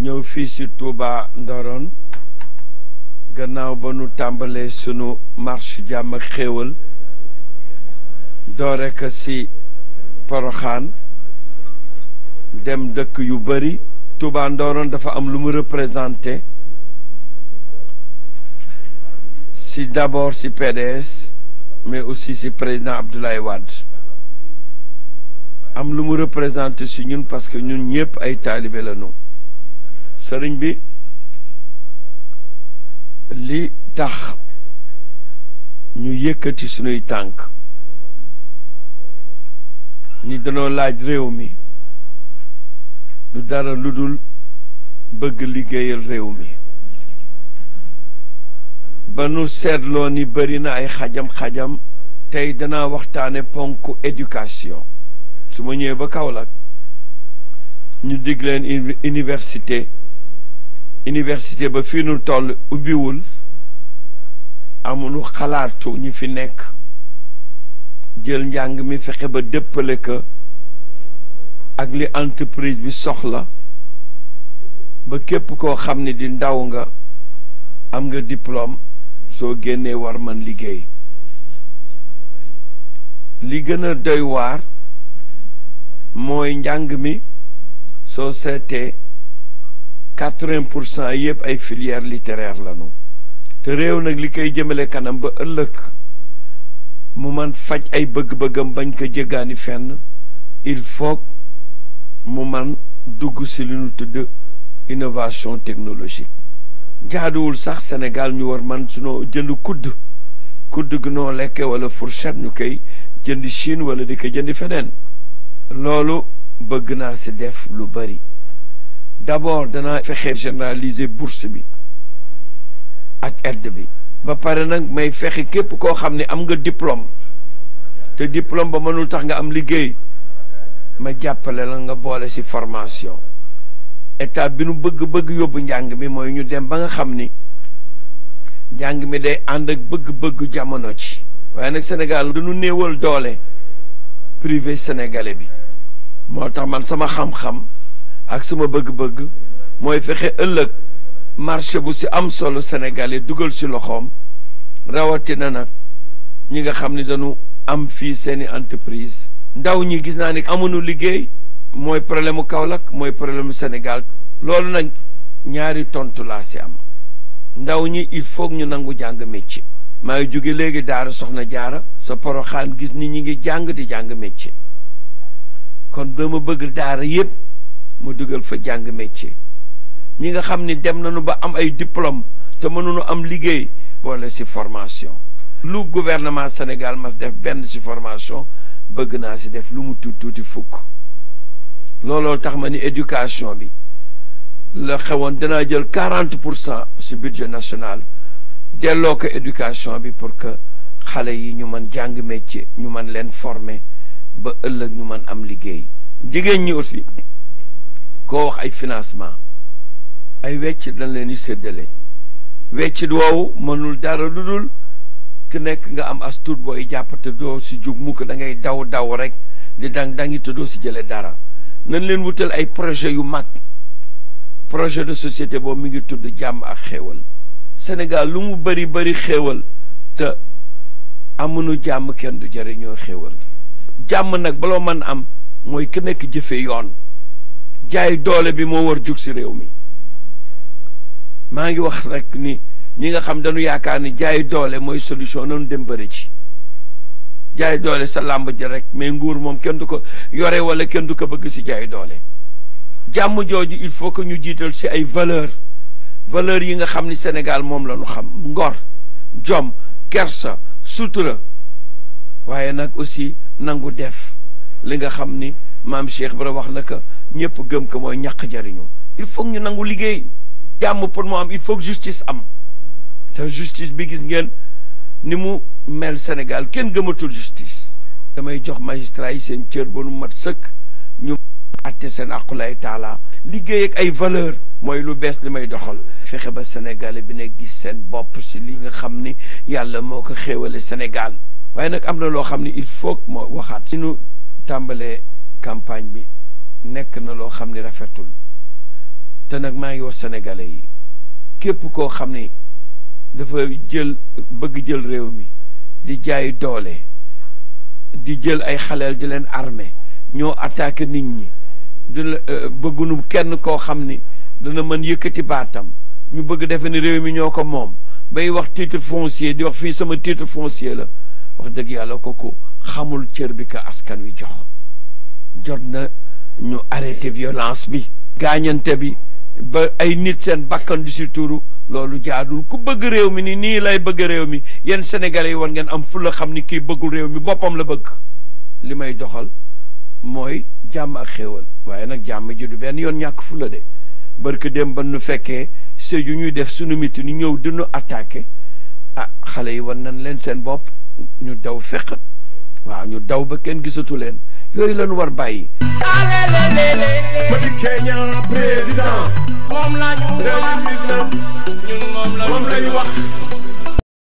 ñëw fii si Touba Ndorong gannaaw ba nu tàmbalee sunu marche jàmm ak xéewal doore ko si Poroxaan dem dëkk yu bëri Touba Ndorong dafa am lu mu représenté si d'abord si PDS mais aussi si président Abdoulaye Wade am lu mu représenté si ñun parce que ñun ñëpp ay taalibe la ñu sëriñ bi li tax ñu yëkkati sunuy tànk ni danoo laaj réew mi du dara lu dul bëgg liggéeyal réew mi ba nu seetloo ni bari na ay xajam-xajam tey danaa waxtaane ponk éducation su ma ñëwee ba Kaolack ñu dig leen université université ba fi nu toll ubbiwul amunu xalaatu ñu fi nekk jël njàng mi fexe ba dëppale ko ak li entreprise bi soxla ba képp koo xam ne di ndaw nga am nga diplôme soo génnee war man liggéey li gën a doy waar mooy njàng mi soo seetee quatre-vingts pour cent yëpp ay filières littéraires lañu te réew nag li koy jëmale kanam ba ëllëg mu man faj ay bëgg-bëggam bañ ko jéggaani fenn il faut mu man dugg si li ñu tudd innovation technologique jaaduwul sax Sénégal ñu war man sunoo jënd kudd kudd gu noo lekke wala fourchette ñu koy jënd Chine wala di ko jëndi feneen loolu bëgg naa si def lu bari d'abord dana fexe généraliser bourse bi ak aide bi ba pare nag may fexe képp koo xam ne am nga diplôme te diplôme ba mënul tax nga am liggéey ma jàppale la nga boole si formation état bi nu bëgg-bëgg yóbbu njàng mi mooy ñu dem ba nga xam ni njàng mi day ànd ak bëgg-bëgg jamono ci waaye nag Sénégal dañu néewal doole privé sénégalais bi moo tax man sama xam-xam ak sama bëgg-bëgg mooy fexe ëllëg marché bu si am solo Sénégal dugal si loxoom rawatina nag ñi nga xam ni dañu am fii seeni entreprise ndaw ñi gis naa ni amuñu liggéey mooy problème mu Kaolack mooy problème mu Sénégal loolu nag ñaari tontu laa si am ndaw ñi il faut ñu nangu jàng métier. maa ngi jóge léegi daara soxna jaara sa poroxaan gis ni ñi ngi jàng di jàng métier kon dama bëgg daara yépp mu dugal fa jàng métier ñi nga xam ni dem nañu ba am ay diplôme te mënuñu am liggéey boole si formation lu gouvernement Sénégal mas def benn si formation bëgg naa si def lu mu tuuti tuuti fukk looloo tax ma ni éducation bi la xewoon danaa jël quarante pour cent si budget national delloo ko éducation bi pour que xale yi ñu mën jàng métier ñu mën leen former ba ëllëg ñu mën am liggéey jigéen ñi aussi koo wax ay financement ay wecc lañ leen di séddale weccit woowu mënul dara lu dul ku nekk nga am as tuut boo jàpp te doo si jug mukk da ngay daw daw rek di dang dangi te doo si jële dara nañ leen wutal ay projet yu mag projet de société boobu mi ngi tudd jàmm ak xéewal Sénégal lu mu bëri bëri xéewal te nu jàmm kenn du jëriñoo xéewal jàmm nag baloo mën am mooy ku nekk jëfe yoon jaay doole bi moo war jug si réew mi maa ngi wax rek ni ñi nga xam dañu yaakaar ni jaay doole mooy solution nanu dem bëri ci jaay doole sa làmb ji rek mais nguur moom kenn du ko yore wala kenn du ko bëgg si jaay doole jàmm jooju il faut que ñu jiital si ay valeur valeur yi nga xam ni Sénégal moom la ñu xam ngor jom kersa sutura waaye nag aussi nangu def li nga xam ni maam Cheikh Ibra wax na ko ñëpp gëm ko mooy ñàkk jariñu il faut ñu nangu liggéey jàmm pour mu am il faut justice am te justice bi gis ngeen ni mu mel Sénégal kenn gëmatul justice damay jox magistrat yi seen cër ba mat sëkk ñu àtte seen aqulay taala liggéey ak ay valeur mooy lu bees li may doxal fexe ba sénégalais bi ne gis seen bopp si li nga xam ni yàlla moo ko xéewale Sénégal waaye nag am na loo xam ni il faut moo waxaat si ñu tàmbalee campagne bi nekk na loo xam ni rafetul te nag maa ngi wax sénégalais yi képp koo xam ni dafa jël bëgg jël réew mi di jaay doole di jël ay xaleel di leen armé ñoo attaqué nit ñi di euh, bëggunu kenn ko xam ni dana mën yëkkati baatam ñu bëgg defe ni réew mi ñoo ko moom bay wax titre foncier di wax fii sama titre foncier la wax dëgg yàlla ko ko xamul cër bi ko askan wi jox jot ñu arrêté violence bi gaañante bi ba ay nit seen bakkan di si loolu jaadul ku bëgg réew mi ni nii lay bëgg réew mi yéen sénégalais yi war ngeen am fulla xam ni kii bëggul réew mi boppam la bëgg li may doxal mooy jàmm ak xéewal waaye nag jàmm ji du benn yoon ñàkk fula de barke dem ba nu fekkee sëy yu ñuy def suñu miti ni ñëw dinu attaqué a ah, xale yi wan nañ leen seen bopp ñu daw fekkat waaw ñu daw ba kenn gisatu leen yooyu lañu war bàyyi. Madické Niang président. moom la ñu wax 2019 moom la ñu wax.